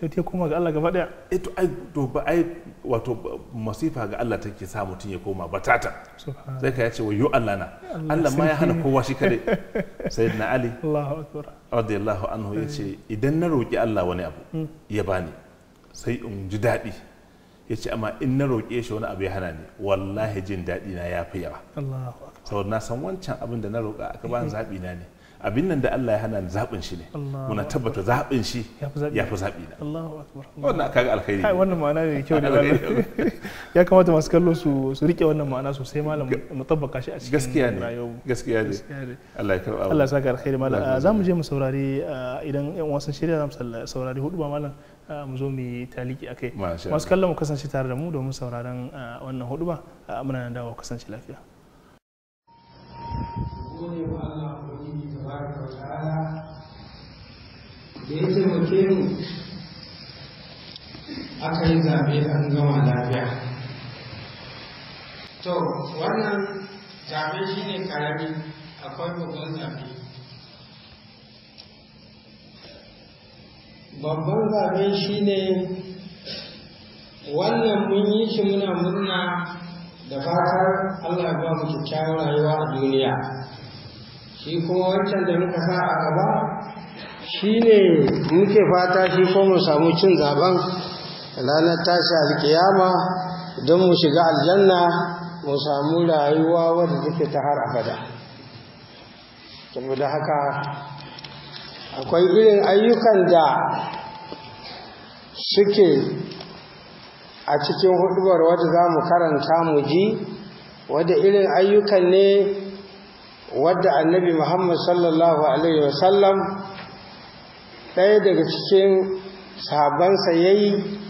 Speaker 4: sai ta koma ga Allah gaba daya eh to ai to ba ai wato masifa ga Allah take sa mutun ya koma batata sai ka yace wayo Allah na Allah ma ya hana kowa shi kare (laughs) sayyidina Ali Allahu akbar radiyallahu anhu yace eh. idan na roki Allah wani abu hmm. ya bani sai in ji daɗi yace ce amma in na roke shi wani abu ya hana ni wallahi jin daɗi na ya fi yawa saboda na san wancan abin da na roka aka ba hmm. zaɓi na ne abin nan da Allah ya hana ni zaɓin shi ne muna tabbata zaɓin shi ya fi zaɓi na wannan kaga alkhairi ne wannan ma'ana ne kyau wannan
Speaker 3: ya kamata masu kallo su su rike wannan ma'ana sosai malam mu tabbaka shi a cikin gaskiya ne gaskiya ne Allah ya karɓa Allah ya saka alkhairi malam ah, za mu je mu saurari ah, idan yan wasan shirya za mu saurari hudu ba malam ah, mu zo mu yi taliki akai masu kallon mu kasance tare da mu domin sauraron wannan hudu ba muna nan dawo kasance lafiya.
Speaker 6: Gode wa Allah da ya taimake mu aka yi zaɓe an gama lafiya to wannan zaɓe shi ne a akwai babban zaɓe babban zaɓe shi ne wannan mun yi shi muna murna da fatar allah ba mu kyakkyawar rayuwa a duniya shi kuma wancan da muka sa a gaba shi ne muke fata shi ko mu samu cin zaben ranar tashi alkiyama don mu shiga aljanna mu samu rayuwa wadda take ta har abada saboda haka akwai irin ayyukan da suke a cikin hudubar wadda za mu karanta mu ji wadda irin ayyukan ne wadda annabi muhammad sallallahu alaihi wasallam ɗaya daga cikin sabon ya yi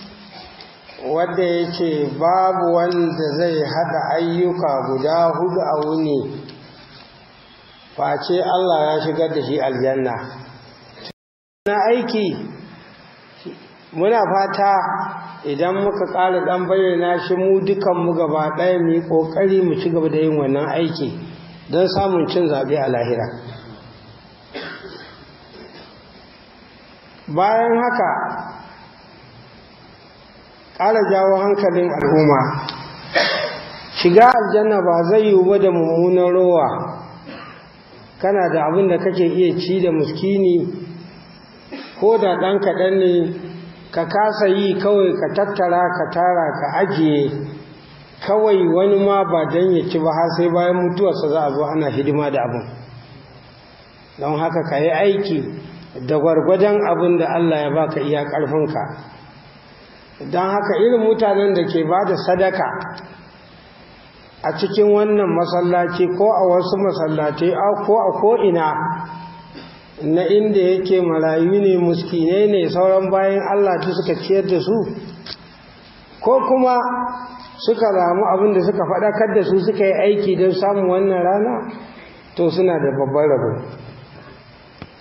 Speaker 6: wadda yake babu wanda zai haɗa ayyuka guda hudu a wuni face Allah ya shigar da shi aljanna na aiki muna fata idan muka ƙara ɗan bayyana shi mu dukanmu gaba ɗaya mu ƙoƙari mu ci gaba da yin wannan aiki don samun cin zaɓe a lahira bayan haka ƙara jawo hankalin al'umma shiga aljanna ba zai yiwu ba da mummunan rowa kana da abin da kake iya ci da muskini ko da ɗan kaɗan ne ka kasa yi kawai ka tattara ka tara ka ajiye kawai wani ma ba don ya ci ba har sai bayan mutuwarsa za a zo ana hidima da abin don haka ka yi aiki da gwargwajen abin da Allah ya baka iya ƙarfinka don haka irin mutanen da ke ba da sadaka a cikin wannan masallaci ko a wasu masallatai ko a ko'ina na inda yake marayu ne muskine ne sauran bayan Allah ta suka ciyar da su ko kuma suka ramu abin da suka faɗakar da su suka yi aiki don samun wannan rana to suna da babbar rabo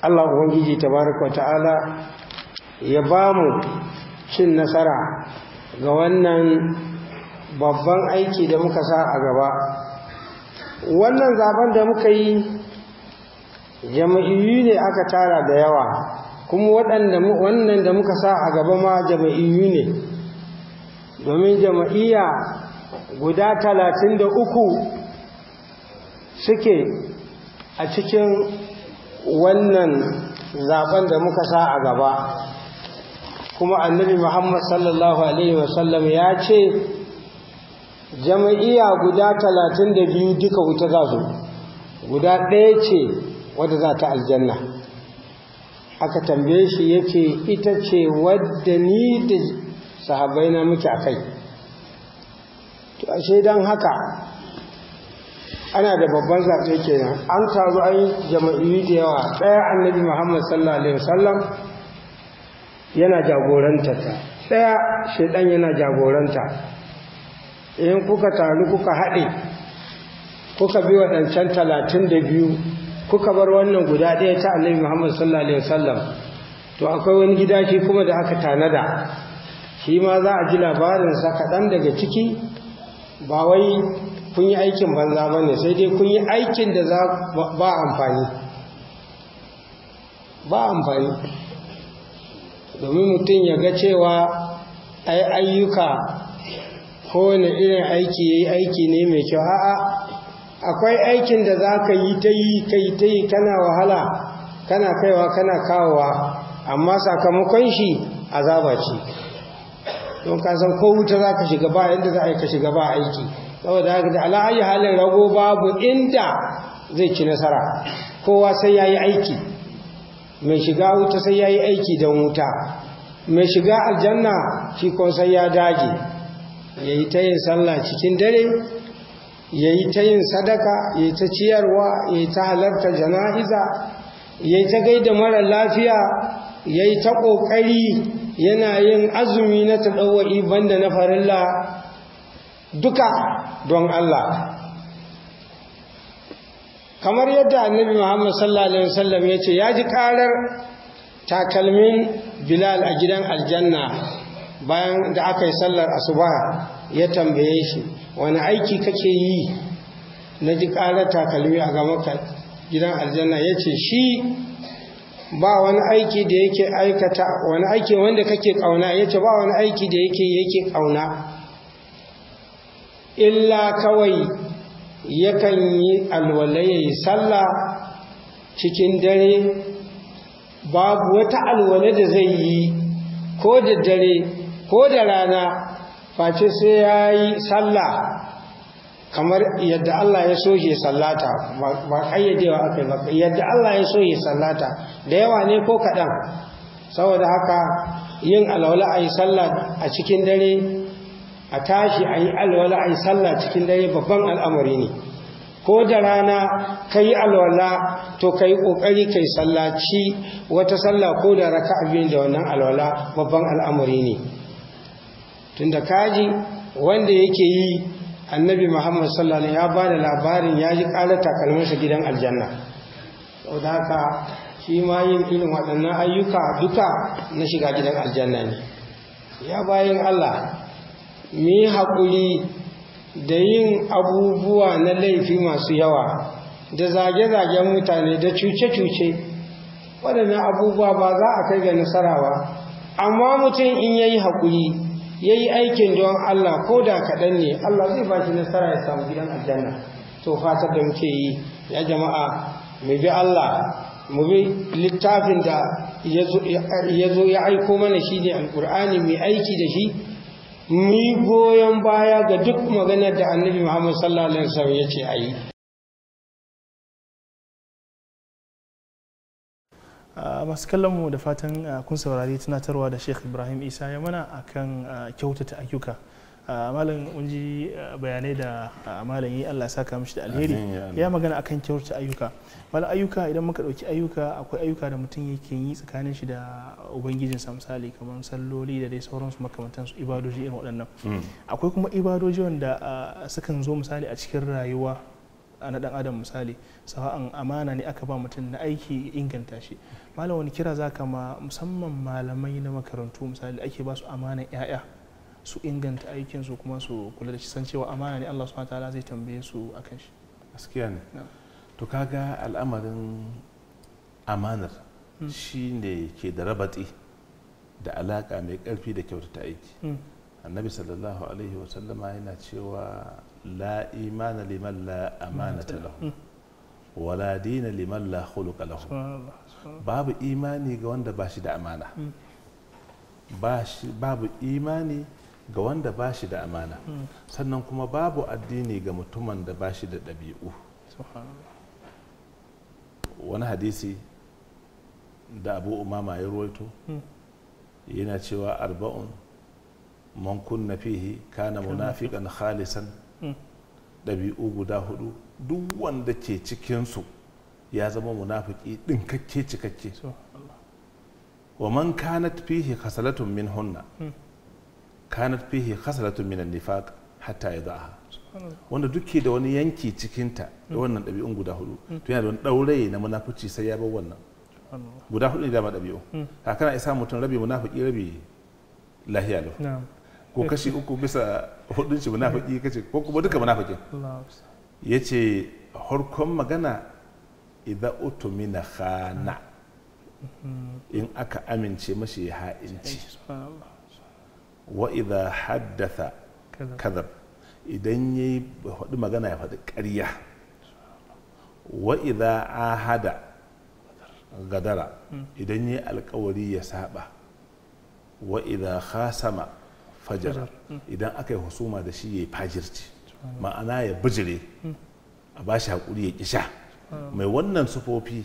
Speaker 6: Allah Ubangiji tabaraka ta'ala ya ba mu cin nasara ga wannan babban aiki da muka sa a gaba wannan zaben da muka yi jama'iyu ne aka tara da yawa kuma waɗanda wannan da muka sa a gaba ma jama'iyu ne domin jama'iyya guda talatin da uku suke a cikin wannan zaben da muka sa a gaba kuma annabi muhammad sallallahu alaihi wasallam ya ce jama'iya guda talatin duka wuta za su guda ɗaya ce wadda za ta aljanna aka tambaye shi ya ita ce wadda ni da sahabai na muke a kai to ashe don haka ana da babban zaɓe kenan an taru an yi jama'i da yawa ɗaya annabi muhammad sallallahu alaihi wasallam yana jagoranta ta ɗaya shaidan yana jagoranta in kuka taru kuka haɗe kuka bi waɗancan talatin da biyu kuka bar wannan guda ɗaya ta annabi muhammad sallallahu alaihi wasallam to akwai wani gida shi kuma da aka tanada shi ma za a ji labarinsa kaɗan daga ciki ba wai kun yi aikin banza ba ne sai dai kun yi aikin da za ba amfani ba amfani domin mutum ya ga cewa ai ayyuka wani irin aiki ya yi aiki ne mai kyau a'a akwai aikin da za ka yi ta yi ka yi ta yi kana wahala kana kaiwa kana kawowa amma sakamakon shi azaba ce don ka san ko wuta za ka shiga ba yadda za a yi ka shiga ba aiki saboda haka da ala ayi halin rago babu inda zai ci nasara kowa sai yayi aiki mai shiga wuta sai yayi aiki da wuta mai shiga aljanna shi ko sai ya dage yayi ta yin sallah cikin dare yayi ta yin sadaka yayi ta ciyarwa yayi ta halarta jana'iza yayi ta gaida mara lafiya yayi ta ƙoƙari yana yin azumi na tadawwai banda na farilla duka don Allah kamar yadda annabi Muhammad sallallahu alaihi wasallam ya ce ya ji karar takalmin Bilal a gidan aljanna bayan da aka yi sallar asuba ya tambaye shi wani aiki kake yi na ji karar takalmi a gamaka gidan aljanna ya ce shi ba wani aiki da yake aikata wani aiki wanda kake kauna ya ce ba wani aiki da yake yake kauna illa kawai yakan yi alwala ya sallah cikin dare babu wata alwala da zai yi ko da dare ko da rana face sai ya yi sallah kamar yadda Allah ya so shi sallata ba ƙayyadewa aka yi ba yadda Allah ya so shi sallata da yawa ne ko kaɗan saboda haka yin alwala a yi sallah a cikin dare a tashi a yi alwala a yi sallah cikin dare babban al'amari ne ko da rana ka yi alwala to ka yi ƙoƙari ka yi sallaci wata sallah ko da raka abin da wannan alwala babban al'amari ne tunda kaji wanda yake yi annabi muhammad sallallahu ya ba da labarin ya ji ƙara takalminsa gidan aljanna sau da haka shi ma yin irin waɗannan ayyuka duka na shiga gidan aljanna ne ya bayan allah mu yi haƙuri da yin abubuwa na laifi masu yawa da zage-zagen mutane da cuce-cuce waɗannan abubuwa ba za a kai ga nasara ba amma mutum in ya yi haƙuri ya yi aikin don Allah ko da kaɗan ne Allah zai ba shi nasara ya samu gidan aljanna to fatar da muke yi ya jama'a mu bi Allah mu bi littafin da ya zo ya aiko mana shi ne alƙur'ani mai aiki da shi mu goyon
Speaker 1: baya ga duk maganar da annabi Muhammad sallallahu alaihi wasallam ya ce a yi
Speaker 3: ah, masu kallonmu da fatan ah, kun saurari tunatarwa da sheikh ibrahim isa ya mana akan ah, kyautata ayyuka malam mun bayanai da malam yi Allah saka mishi da alheri ya magana akan kyautata ayyuka malam ayyuka idan muka dauki ayyuka akwai ayyuka da mutum yake yi tsakanin shi da ubangijinsa misali kamar salloli da dai sauransu makamantan su ibadoji irin waɗannan hmm. akwai kuma ibadoji wanda sukan zo misali a cikin rayuwa na dan adam misali sawa'an amana ne aka ba mutum na aiki inganta shi malam wani kira zaka ma musamman malamai na makarantu misali ake ba su amanan 'ya'ya su inganta aikin su kuma su kula da shi san cewa amana ne Allah subhanahu wataala zai tambaye su akan shi
Speaker 4: gaskiya ne to kaga al'amarin amanar hmm. Shi ne ke da rabati da alaka mai karfi da kyautata aiki hmm. annabi sallallahu alaihi wa sallama yana cewa la imana liman la amanata lahu hmm. wala dina liman la khuluqa lahu babu imani ga wanda ba shi da amana babu imani ga wanda ba shi da amana sannan kuma babu addini ga mutumin da ba shi da ɗabi'u wani hadisi da abu umama ya ruwaito yana cewa arba'un man kunna fihi kana munafiqan khalisan ɗabi'u guda hudu duk wanda ke cikinsu ya zama munafiki ɗinkakke cikakke wa man kanat fihi khasalatun min hunna hmm. kanat fihi khasalatun minan nifaq hatta yadaha wanda duke da wani yanki cikin ta da wannan ɗabi'un guda hudu to mm. yana da wani daurayi na munafici sai ya bar wannan guda hudu ne dama ɗabi'u mm. a kana isa mutum rabi munafiki rabi lahiya lau ko kashi uku bisa hudun shi munafiki kace ko kuma duka munafikin yace harkon magana idza utumina khana
Speaker 5: mm-hmm.
Speaker 4: in aka amince mashi ha'inci subhanallah wa'iza haddasa haddatha kadhab idan yayi faɗi magana ya faɗi ƙarya wa'iza a ahada gadara hmm. idan yayi alƙawari ya saba wa'iza idha khasama fajara hmm. idan aka yi husuma da shi yayi fajirci ma'ana ya bijire hmm. a bashi haƙuri ya kisha mai wannan sufofi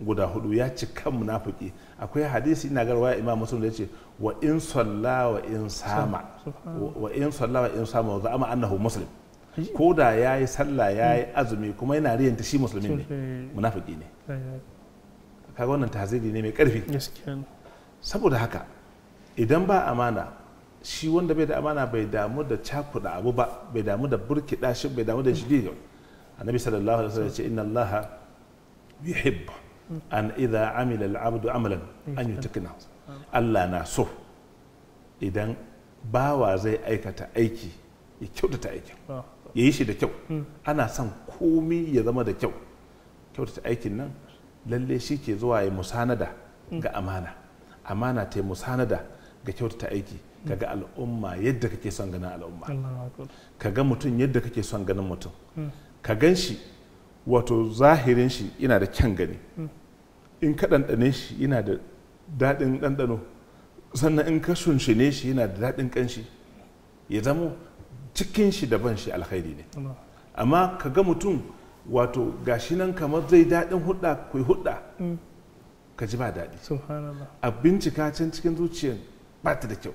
Speaker 4: guda hudu ya ci kan munafiki akwai hadisi na garwa imam muslim da yace wa in salla wa in sama wa in salla in sama wa za'ama annahu muslim ko da yayi sallah yayi azumi kuma yana riyanta shi musulmi ne munafiki ne kaga wannan tahziri ne mai karfi saboda haka idan ba amana shi wanda bai da amana bai damu da cakuda abu ba bai damu da burkida shi bai damu da shi mm. annabi sallallahu alaihi wasallam ya ce inna allaha yuhibbu an idha amila al-abdu amalan an tukuna. Allah na so idan bawa zai aikata aiki ya kyautata aikin ya yi shi da kyau ana son komi ya zama da kyau kyautata aikin nan lalle shi ke zuwa ya musanada ga amana amana ta musanada ga kyautata aiki kaga al'umma yadda kake son ganin al'umma Ka ga mutum yadda kake son ganin mutum ka gan shi wato zahirin shi yana da kyan gani in ka ɗanɗane shi yana da daɗin ɗanɗano sannan in ka shunshine shi yana da daɗin ƙanshi ya zamo cikin shi da ban shi alkhairi ne amma ka ga mutum wato gashi nan kamar zai daɗin hudda ku hudda mm. ka ji ba daɗi a bincika can cikin zuciyar ba ta da kyau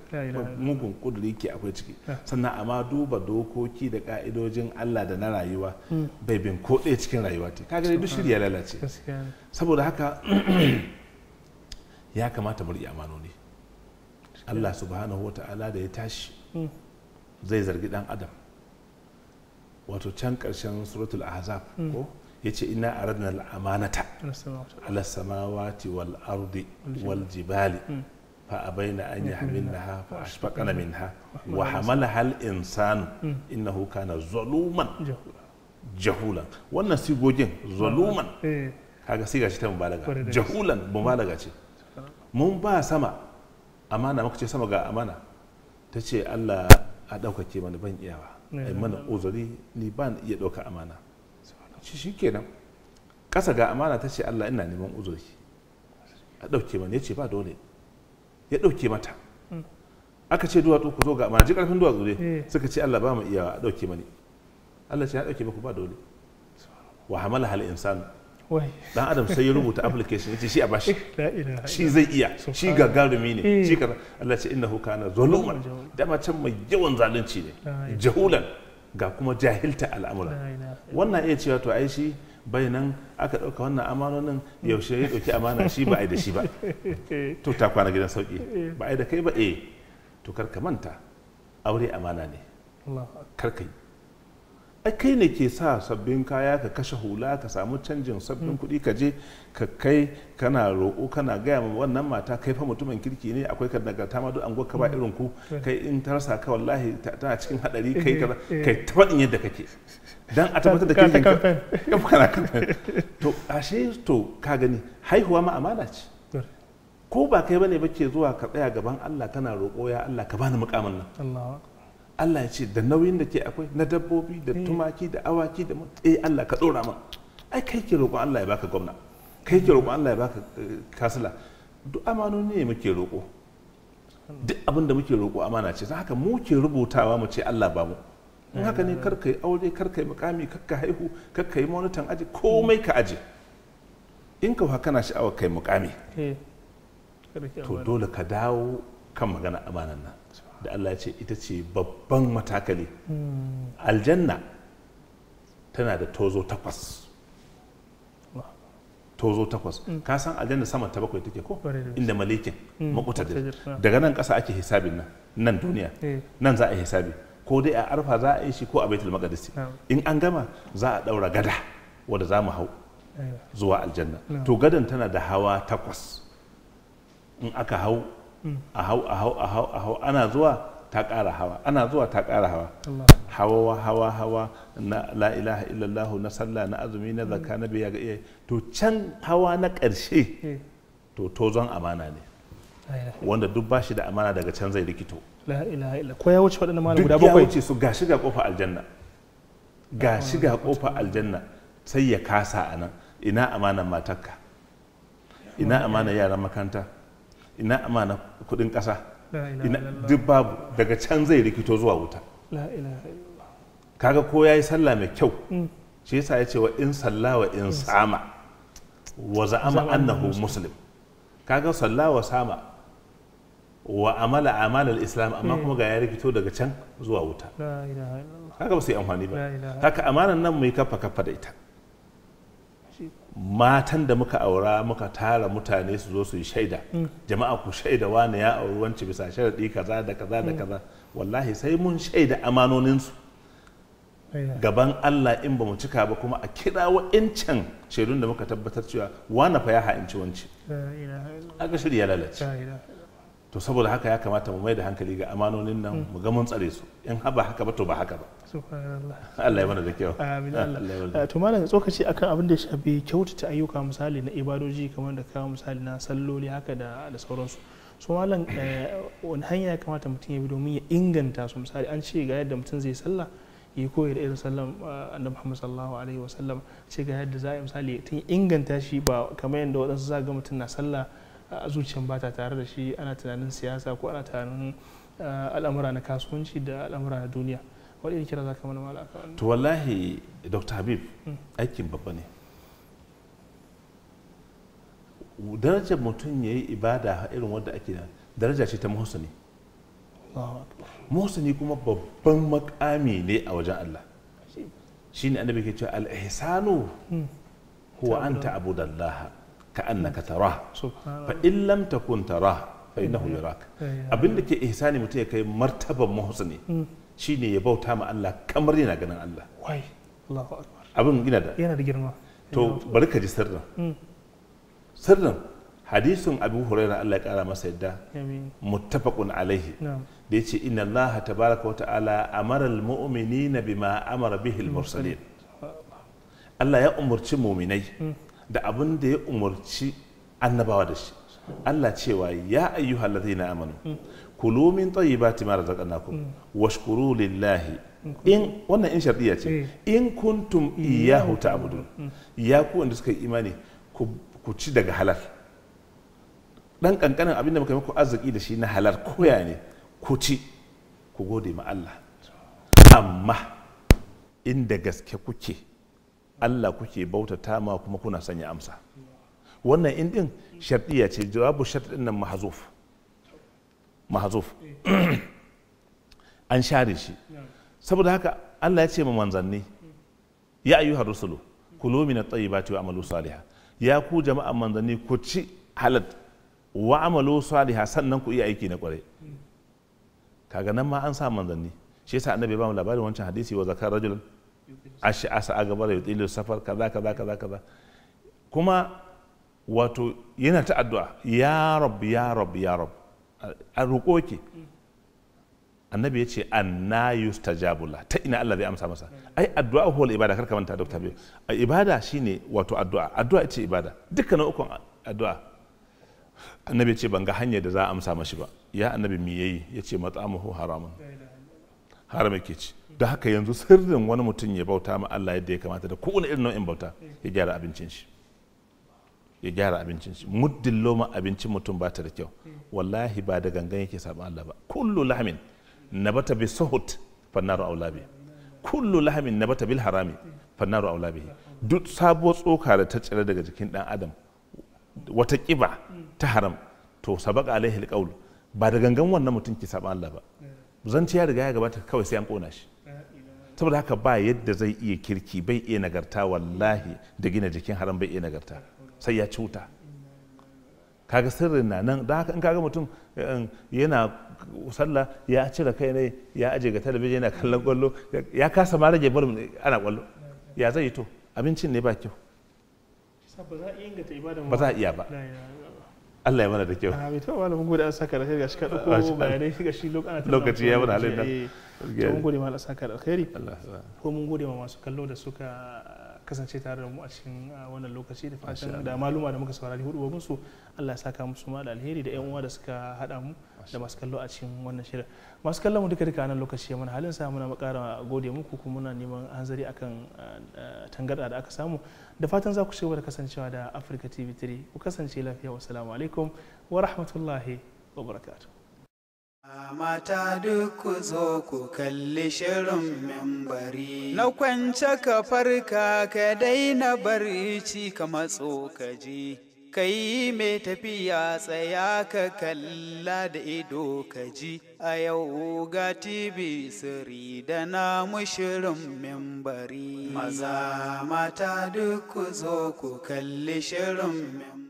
Speaker 4: mugun kuduri ke akwai ciki sannan amma duba dokoki da ka'idojin Allah da na rayuwa hmm. bai bin ko cikin rayuwa ta kaga dai duk shirya lalace saboda haka (clears throat) ya kamata mu riya amanoni Allah subhanahu wa ta'ala da ya tashi hmm. zai zargi dan adam wato can ƙarshen suratul ahzab hmm. ko ya ce ina aradna al-amanata alasamawati samawati wal ardi wal jibali فأبين أن يحملنها فأشفقن منها وحملها الإنسان إنه كان ظلوما جهولا وانا سيغوجين ظلوما هذا سيغا شتا مبالغة جهولا مبالغة mun ba sama amana muka ce sama ga amana ta ce Allah a ɗaukake mana ban iyawa ai mana uzuri ni ban iya ɗauka amana shi kenan ƙasa ga amana ta ce Allah ina neman uzuri a ɗauke mana ya ce ba dole ya ɗauke mata aka ce duwatsu ku zo ga amana ji karfin duwatsu ne eh. suka ce Allah ba mu iya a ɗauke mani Allah ce ya ɗauke ku ba dole wa hamala hal insanu dan adam sai ya rubuta application yace shi a bashi (laughs) shi zai iya shi gagarumi ne eh. shi kaza Allah ce innahu kana zaluman dama can mai yawan zalunci ne jahulan ga kuma jahilta al'amura wannan iya cewa to ai shi bai aka ɗauka wannan amanonin yaushe ya ɗauki amana shi ba a yi da shi ba (laughs) to ta kwana gidan sauki eh. ba a yi da kai ba eh to kar manta aure amana ne Karkai. ai kai ne ke sa sabbin kaya ka kashe hula ka samu canjin sabbin hmm. kuɗi ka je ka kai kana roƙo kana gaya ma wannan mata kai fa mutumin kirki ne akwai ka nagarta ma duk an ka ba hmm. irin ku eh. kai in ta ka wallahi tana cikin haɗari kai eh. kai ta faɗin yadda kake dan a tabbatar da kirkin ka kana (laughs) kamfen to ashe to ka gani haihuwa ma amana ce ko ba kai bane ba ke zuwa ka tsaya gaban Allah kana roƙo ya Allah ka bani mukamin nan Allah ya ce da nauyin da ke akwai na dabbobi da eh. tumaki da awaki da eh Allah ka dora min ai kai ke roƙo Allah ya baka gwamna kai ke roƙo Allah ya baka eh, kasila duk amanoni ne muke roƙo duk abin da muke roƙo amana ce don haka mu ke rubutawa mu ce Allah ba mu in haka ne kar yi aure kar yi mukami kar haihu kar yi monitan aji komai ka aji in ka haka na sha'awar kai mukami eh, to dole ka dawo kan magana amanan nan da Allah ya ce ita ce babban matakali
Speaker 5: hmm.
Speaker 4: aljanna tana da tozo takwas tozo takwas hmm. ka san aljanna saman ta bakwai take ko inda malikin makutadir hmm, daga nan kasa ake hisabin nan nan duniya eh. nan za a yi hisabi ko dai a arfa za a yi shi ko a baitul maqdis in an gama za a daura gada wadda za mu hau eh. zuwa aljanna to gadan tana da hawa takwas in aka hau hmm. a hau a hau a hau a hau ana zuwa ta ƙara hawa ana zuwa ta ƙara hawa hawa hawa hawa na la ilaha illallah na sallah na azumi na zakka na biya ga to can hawa na ƙarshe eh. to tozon amana ne wanda duk bashi da amana daga can zai rikito
Speaker 3: la ilaha illa ko ya wuce waɗannan malam guda bakwai duk ya wuce
Speaker 4: su gashi ga kofa aljanna gashi ga kofa aljanna sai ya kasa a nan ina amanan matarka ina amanan yaran makanta ina amanan kudin kasa duk babu daga can zai rikito zuwa wuta kaga ko ya yi sallah mai kyau mm. shi yasa ya ce wa in salla wa in sama wa za'ama annahu muslim kaga salla wa sama wa amala amalar islam amma eh. kuma ga ya rikito daga can zuwa wuta haka ba su yi amfani ba haka amanar nan mai kafa kafa da ita matan da muka aura muka tara mutane su zo su yi shaida mm. jama'a ku shaida wani ya auri wanci bisa sharaɗi kaza da kaza da mm. kaza wallahi sai mun shaida amanoninsu gaban Allah in ba mu cika ba kuma a kira wa'incan shaidun da muka tabbatar cewa wani fa ya ha'inci wanci aka shirya lalace to saboda haka ya kamata mu mai da hankali ga amanonin nan hmm. mu ga mun tsare su in haba haka ba to ba haka ba Allah ya mana da kyau amin (laughs) Allah eh,
Speaker 3: to malam tsokaci akan abin da ya shafi kyautata ayyuka misali na ibadoji kamar da kawo misali na salloli haka da da sauransu so malam eh, wani hanya ya kamata mutum ya bi domin ya inganta su misali an ce ga yadda mutum zai sallah ya koyi da irin sallan eh, annabi Muhammad sallallahu alaihi wasallam ce ga yadda za a yi misali tun inganta shi ba kamar yadda waɗansu za ga mutum na sallah a zuciyar ba ta tare da shi ana tunanin siyasa ko ana tunanin eh, al'amura na kasuwanci da al'amura na duniya wani kira za ka mana malaka to
Speaker 4: wallahi dr habib hmm. aikin babba ne darajar mutum ya yi ibada irin wadda ake da daraja ce ta muhsani muhsani kuma babban makami ne a wajen allah shine annabi ke cewa al-ihsanu hmm. huwa anta abudallaha ka'annaka tarah fa in lam takun tarah fa innahu yarak abinda ke ihsani mutum ya kai martaban muhsini hmm. shine ya bauta ma Allah kamar yana ganin Allah
Speaker 3: wai Allahu akbar
Speaker 4: abin gina da yana
Speaker 3: da girma to bari ka ji sirrin hmm.
Speaker 4: sirrin hadisin abu huraira Allah ya kara masa yadda muttafaqun alaihi da yace inna Allah tabaraka wa ta'ala amara al bima amara bihi mursalin Allah ya umurci mu'minai hmm. da abin da ya umarci annabawa da shi Allah cewa ya ayyuhal na amanu kulu min tayyibati ma razaqnakum washkuru lillahi in wannan in shardiya ce eh. in kuntum iyyahu ta'budun ya ku wanda suka yi imani ku ci daga halal dan kankanin abin da muka ku arziki da shi na halal koya ne ku ci ku gode ma Allah amma inda gaske kuke Allah kuke bautata ma kuma kuna sanya amsa wannan in din shartiya ce jawabu shart nan mahazuf mahazuf (clears throat) an share shi saboda haka Allah ya ce ma manzanni ya ayyuha rusulu kulu min at-tayyibati wa amalu salihah ya ku jama'an manzanni ku ci halat wa amalu salihah sannan ku iya aiki na kware kaga nan ma an sa manzanni shi yasa annabi ba mu labarin wancan hadisi wa zakar rajulan ashi asa a gaba da tsilo safar kaza kaza kaza kaza kuma wato yana ta addu'a ya rab ya rab ya rab a roƙo ke annabi ya ce anna yustajabula ta ina Allah zai amsa masa ai addu'a huwal ibada karka manta Dr. biyu ibada shine wato addu'a addu'a ce ibada dukkan ukun addu'a annabi ya ce ban ga hanyar da za a amsa mashi ba ya annabi me yayi ya ce mat'amuhu haramun haram ke ci da haka yanzu sirrin wani mutum ya bauta ma Allah yadda ya kamata da kowane irin nau'in bauta ya gyara abincin shi ya gyara abincin shi muddin loma abincin mutum ba ta da kyau wallahi ba da gangan yake saban Allah ba kullu lahamin bata bi suhut fannaru aulabi kullu lahamin bata bil harami fannaru aulabi duk sabuwar tsoka da ta tsira daga jikin dan adam wata kiba ta haram to sabaka alaihi alqaul ba da gangan wannan mutum ke saban Allah ba zanci ya riga ya gabata kawai sai an kona shi saboda haka ba yadda zai iya kirki bai iya nagarta wallahi da gina jikin haram bai iya nagarta sai ya cuta kaga sirrin na nan da haka in kaga mutum eh, yana sallah ya cire kai ne ya aje ga talabijin yana kallon kwallo ya kasa ma rage barin ana kwallo ya zai to abincin ne ba kyau ba za a iya ba Allah ya mana da kyau. Amin to malam mun gode an
Speaker 3: saka alheri gashi ka dauko bayanai gashi lokaci ya mana halin nan. To mun gode ma Allah saka alheri. Ko mun gode ma masu kallo da suka kasance tare da mu a cikin ah, wannan lokaci da fatan da maluma da muka saurari hudu su Allah ya saka musu ma da alheri da ƴan uwa da suka hada mu da masu kallo a cikin wannan shirin. Masu kallon mu duka duka a nan lokaci mana halin sa muna makara gode muku kuma muna neman hanzari akan ah, ah, tangarda da aka samu. da fatan za ku ci da kasancewa da Africa TV 3 ku kasance lafiya salamu alaikum wa rahmatullahi wa barakatuh
Speaker 2: Mata duk zo ku kalli shirin membari. Na kwance ka farka ka daina barci ka matso ka kai mai tafiya tsaya ka kalla da ido ka ji a yau ga tv siri da na mushirin membari maza mata duk ku zo ku kalli shirin
Speaker 5: membari